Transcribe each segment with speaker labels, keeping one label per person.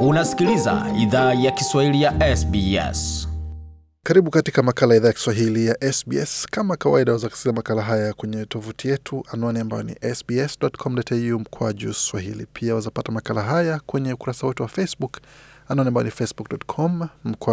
Speaker 1: Unasikiliza idhaa ya Kiswahili ya SBS.
Speaker 2: Karibu katika makala idhaa ya Kiswahili ya SBS. Kama kawaida, waweza kusikiliza makala haya kwenye tovuti yetu, anwani ambayo ni sbs.com.au juu swahili. Pia wazapata makala haya kwenye ukurasa wetu wa Facebook, anwani ambayo ni facebook.com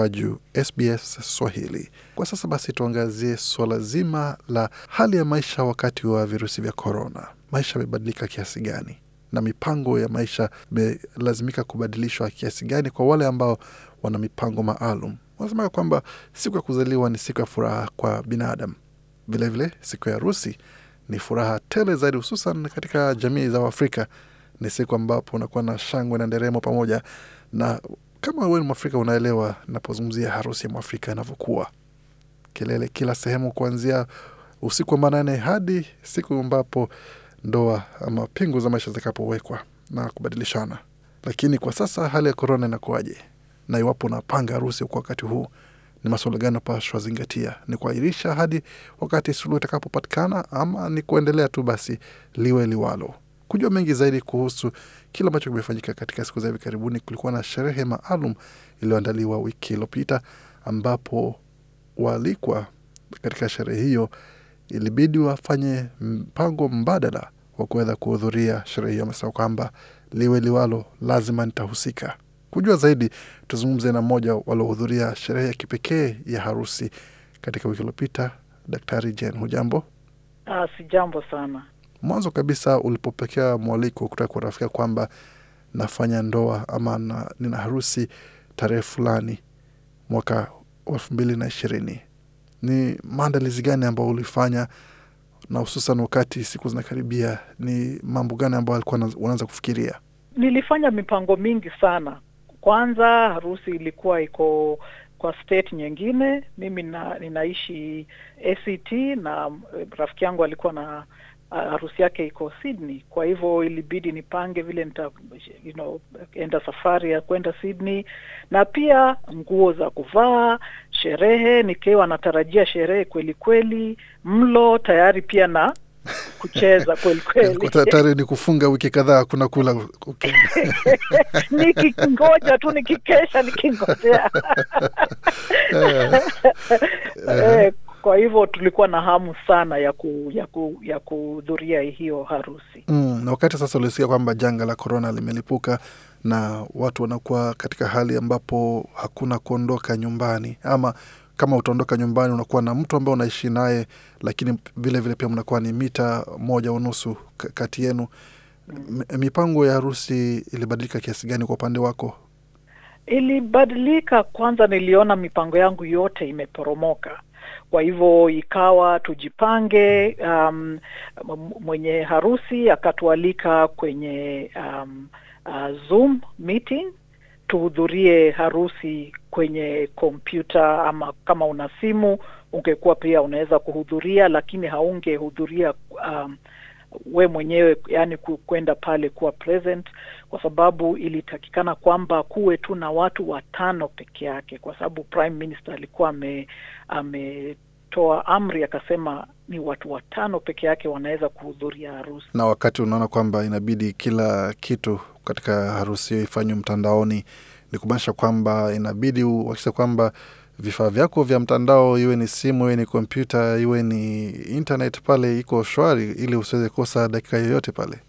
Speaker 2: juu SBS Swahili. Kwa sasa basi, tuangazie suala zima la hali ya maisha wakati wa virusi vya korona. Maisha yamebadilika kiasi gani? na mipango ya maisha imelazimika kubadilishwa kiasi gani kwa wale ambao wana mipango maalum. Wanasema kwamba siku ya kuzaliwa ni siku ya furaha kwa binadamu, vilevile siku ya harusi ni furaha tele zaidi, hususan katika jamii za Waafrika. Ni siku ambapo unakuwa na shangwe na nderemo pamoja na kama wewe ni Mwafrika unaelewa napozungumzia harusi ya Mwafrika inavyokuwa, kelele kila sehemu, kuanzia usiku wa manane hadi siku ambapo ndoa ama pingu za maisha zitakapowekwa na kubadilishana. Lakini kwa sasa hali ya korona inakuwaje? Na iwapo unapanga harusi kwa wakati huu, ni masuala gani unapaswa zingatia? Ni kuahirisha hadi wakati suluhu itakapopatikana, ama ni kuendelea tu basi liwe liwalo? Kujua mengi zaidi kuhusu kile ambacho kimefanyika katika siku za hivi karibuni, kulikuwa na sherehe maalum iliyoandaliwa wiki iliyopita, ambapo waalikwa katika sherehe hiyo ilibidi wafanye mpango mbadala wa kuweza kuhudhuria sherehe hiyo. Amesema kwamba liwe liwalo, lazima nitahusika. Kujua zaidi, tuzungumze na mmoja waliohudhuria sherehe ya kipekee ya harusi katika wiki iliyopita. Daktari Jen, hujambo?
Speaker 1: Ah, si jambo sana.
Speaker 2: Mwanzo kabisa, ulipopokea mwaliko kutoka kwa rafiki kwamba nafanya ndoa ama na, nina harusi tarehe fulani mwaka elfu mbili na ishirini ni maandalizi gani ambao ulifanya na hususan wakati siku zinakaribia, ni mambo gani ambayo alikuwa unaanza kufikiria?
Speaker 1: Nilifanya mipango mingi sana. Kwanza harusi ilikuwa iko kwa state nyingine, mimi na, ninaishi ACT na eh, rafiki yangu alikuwa na Uh, harusi yake iko Sydney, kwa hivyo ilibidi nipange vile nita you know, enda safari ya kwenda Sydney, na pia nguo za kuvaa, sherehe, nikiwa natarajia sherehe kweli kweli, mlo tayari pia na kucheza kweli kweli, tayari ni
Speaker 2: kufunga wiki kadhaa kuna kula okay.
Speaker 1: nikingoja tu nikikesha nikingojea
Speaker 2: eh.
Speaker 1: Eh, kwa hivyo tulikuwa na hamu sana ya ku, ya ku, ya kuhudhuria hiyo harusi
Speaker 2: mm. Na wakati sasa ulisikia kwamba janga la korona limelipuka na watu wanakuwa katika hali ambapo hakuna kuondoka nyumbani ama kama utaondoka nyumbani unakuwa na mtu ambaye unaishi naye, lakini vilevile pia mnakuwa ni mita moja unusu kati yenu mm. Mipango ya harusi ilibadilika kiasi gani kwa upande wako?
Speaker 1: Ilibadilika. Kwanza niliona mipango yangu yote imeporomoka kwa hivyo ikawa tujipange, um, mwenye harusi akatualika kwenye um, uh, Zoom meeting tuhudhurie harusi kwenye kompyuta, ama kama una simu ungekuwa pia unaweza kuhudhuria, lakini haungehudhuria um, we mwenyewe, yani kwenda pale kuwa present, kwa sababu ilitakikana kwamba kuwe tu na watu watano peke yake, kwa sababu prime minister alikuwa ame, ame toa amri akasema ni watu watano peke yake wanaweza kuhudhuria harusi.
Speaker 2: Na wakati unaona kwamba inabidi kila kitu katika harusi hiyo ifanywe mtandaoni, ni kumaanisha kwamba inabidi uhakikisha kwamba vifaa vyako vya mtandao, iwe ni simu, iwe ni kompyuta, iwe ni internet, pale iko shwari, ili usiweze kosa dakika yoyote pale.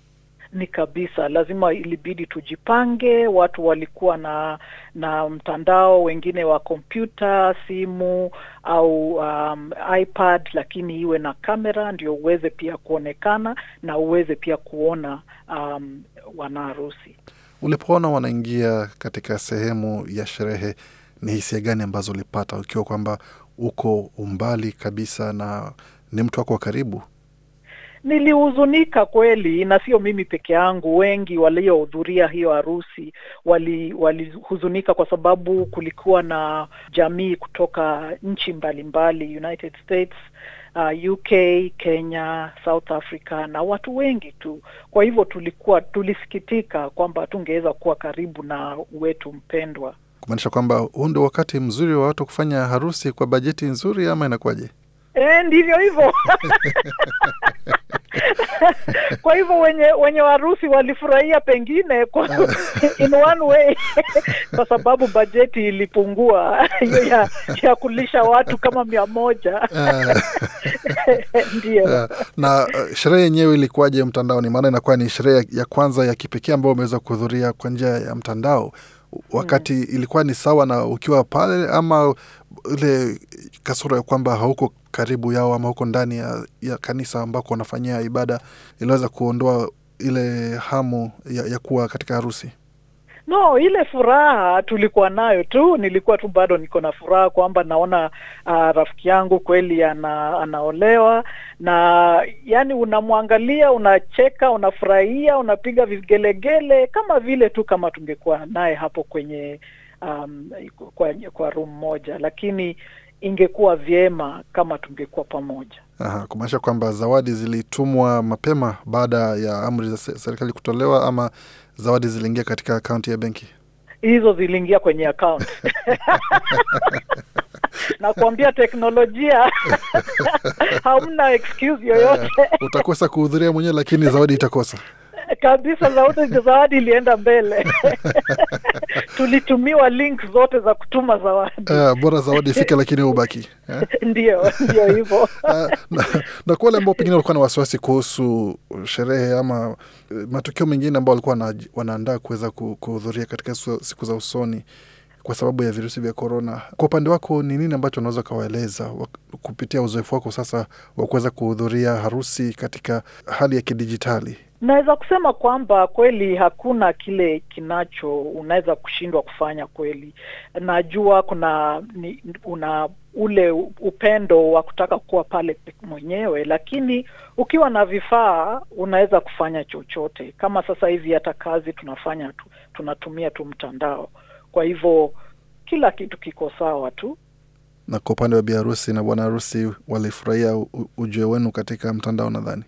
Speaker 1: Ni kabisa, lazima ilibidi tujipange. Watu walikuwa na na mtandao, wengine wa kompyuta, simu au um, iPad, lakini iwe na kamera ndio uweze pia kuonekana na uweze pia kuona um, wanaharusi.
Speaker 2: Ulipoona wanaingia katika sehemu ya sherehe ni hisia gani ambazo ulipata ukiwa kwamba uko umbali kabisa na ni mtu wako wa karibu?
Speaker 1: Nilihuzunika kweli, na sio mimi peke yangu. Wengi waliohudhuria hiyo harusi walihuzunika, wali kwa sababu kulikuwa na jamii kutoka nchi mbalimbali, United States, uh, UK, Kenya, South Africa na watu wengi tu. Kwa hivyo tulikuwa tulisikitika kwamba tungeweza kuwa karibu na wetu mpendwa
Speaker 2: kumaanisha kwamba huu ndio wakati mzuri wa watu kufanya harusi kwa bajeti nzuri, ama inakuwaje?
Speaker 1: E, ndivyo hivyo kwa hivyo wenye wenye warusi walifurahia pengine kwa, ah. in one way kwa sababu bajeti ilipungua hiyo ya, ya kulisha watu kama mia moja ah.
Speaker 2: ndio. Ah, na uh, sherehe yenyewe ilikuwaje mtandaoni? Maana inakuwa ni sherehe ya kwanza ya kipekee ambayo umeweza kuhudhuria kwa njia ya mtandao wakati mm. ilikuwa ni sawa na ukiwa pale, ama ile kasoro ya kwamba hauko karibu yao ama huko ndani ya, ya kanisa ambako wanafanyia ibada, iliweza kuondoa ile hamu ya, ya kuwa katika harusi.
Speaker 1: No, ile furaha tulikuwa nayo tu, nilikuwa tu bado niko na furaha kwamba naona uh, rafiki yangu kweli ana, anaolewa na yani, unamwangalia unacheka, unafurahia, unapiga vigelegele kama vile tu kama tungekuwa naye hapo kwenye um, kwa, kwa rum moja, lakini ingekuwa vyema kama tungekuwa pamoja.
Speaker 2: Aha, kumaanisha kwamba zawadi zilitumwa mapema baada ya amri za serikali kutolewa, ama zawadi ziliingia katika akaunti ya benki?
Speaker 1: Hizo ziliingia kwenye akaunti Nakuambia teknolojia hamna excuse yoyote.
Speaker 2: Uh, utakosa kuhudhuria mwenyewe, lakini zawadi itakosa
Speaker 1: kabisa zaote zawadi ilienda mbele tulitumiwa link zote za kutuma zawadi
Speaker 2: uh, bora zawadi ifike lakini ubaki eh?
Speaker 1: ndio ndio hivo eh,
Speaker 2: na kwa wale ambao pengine walikuwa na wasiwasi kuhusu sherehe ama matukio mengine ambao walikuwa wanaandaa kuweza kuhudhuria katika siku za usoni kwa sababu ya virusi vya korona. Kwa upande wako, ni nini ambacho unaweza ukawaeleza kupitia uzoefu wako sasa wa kuweza kuhudhuria harusi katika hali ya kidijitali?
Speaker 1: Naweza kusema kwamba kweli hakuna kile kinacho unaweza kushindwa kufanya kweli. Najua kuna ni, una ule upendo wa kutaka kuwa pale mwenyewe, lakini ukiwa na vifaa unaweza kufanya chochote. Kama sasa hivi hata kazi tunafanya tu, tunatumia tu mtandao, kwa hivyo kila kitu kiko sawa tu.
Speaker 2: Na kwa upande wa biharusi na bwana harusi walifurahia ujue wenu katika mtandao, nadhani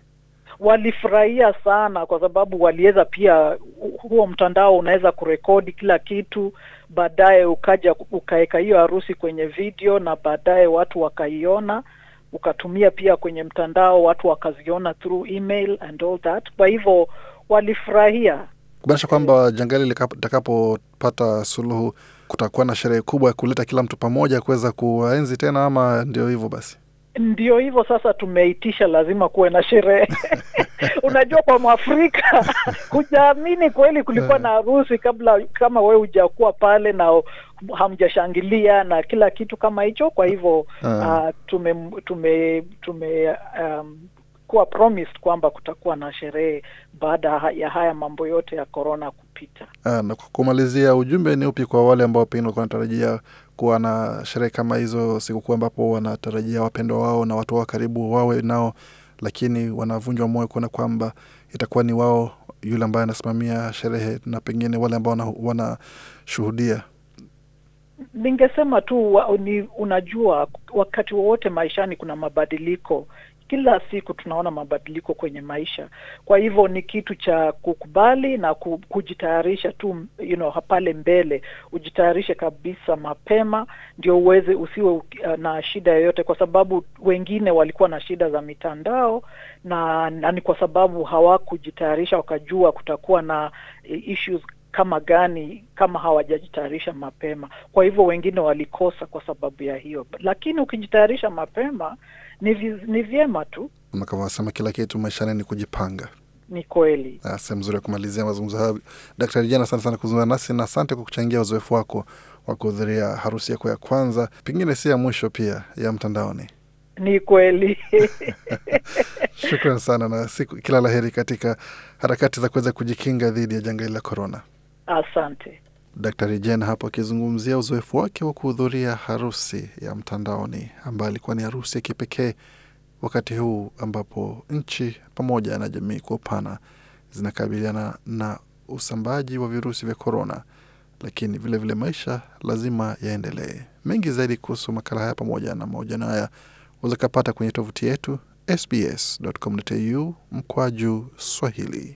Speaker 1: walifurahia sana kwa sababu waliweza pia, huo mtandao unaweza kurekodi kila kitu, baadaye ukaja ukaweka hiyo harusi kwenye video na baadaye watu wakaiona, ukatumia pia kwenye mtandao, watu wakaziona through email and all that. Kwa hivyo walifurahia
Speaker 2: kumaanisha kwamba janga hili litakapopata suluhu, kutakuwa na sherehe kubwa ya kuleta kila mtu pamoja, kuweza kuwaenzi tena, ama ndio hivyo basi?
Speaker 1: Ndio hivyo sasa, tumeitisha lazima kuwe na sherehe unajua, kwa Mwafrika hujaamini kweli, kulikuwa eh. na harusi kabla, kama wee hujakuwa pale na hamjashangilia na kila kitu kama hicho. Kwa hivyo uh, tume tume tume um, kuwa promised kwamba kutakuwa na sherehe baada ya haya mambo yote ya korona kupita.
Speaker 2: Ah, na kwa kumalizia, ujumbe ni upi kwa wale ambao pengine walikuwa wanatarajia kuwa na sherehe kama hizo sikukuu, ambapo wanatarajia wapendwa wao na watu wao karibu wawe nao, lakini wanavunjwa moyo kuona kwamba itakuwa ni wao yule ambaye anasimamia sherehe na pengine wale ambao wanashuhudia.
Speaker 1: Ningesema tu wa, ni, unajua wakati wowote maishani kuna mabadiliko kila siku tunaona mabadiliko kwenye maisha. Kwa hivyo ni kitu cha kukubali na kujitayarisha tu, you know, pale mbele, ujitayarishe kabisa mapema ndio uweze, usiwe uh, na shida yoyote, kwa sababu wengine walikuwa na shida za mitandao na, na ni kwa sababu hawakujitayarisha wakajua kutakuwa na eh, issues kama gani kama hawajajitayarisha mapema. Kwa hivyo wengine walikosa kwa sababu ya hiyo, lakini ukijitayarisha mapema ni, vyema tu,
Speaker 2: kama wanasema kila kitu maishani ni kujipanga.
Speaker 1: Ni kweli.
Speaker 2: Ah, sehemu zuri ya kumalizia mazungumzo hayo, Daktari Jana, asante sana kuzungumza nasi na asante kwa kuchangia uzoefu wako wa kuhudhuria harusi yako ya kwanza, pengine si ya mwisho pia, ya mtandaoni.
Speaker 1: Ni kweli.
Speaker 2: Shukran sana na siku, kila la heri katika harakati za kuweza kujikinga dhidi ya janga hili la korona.
Speaker 1: Asante.
Speaker 2: Daktari Jen hapo akizungumzia uzoefu wake wa kuhudhuria harusi ya mtandaoni ambayo alikuwa ni harusi ya kipekee wakati huu ambapo nchi pamoja na jamii kwa upana zinakabiliana na usambaji wa virusi vya korona, lakini vilevile vile maisha lazima yaendelee. Mengi zaidi kuhusu makala haya pamoja na mahojano haya wazakapata kwenye tovuti yetu sbs.com.au mkwaju Swahili.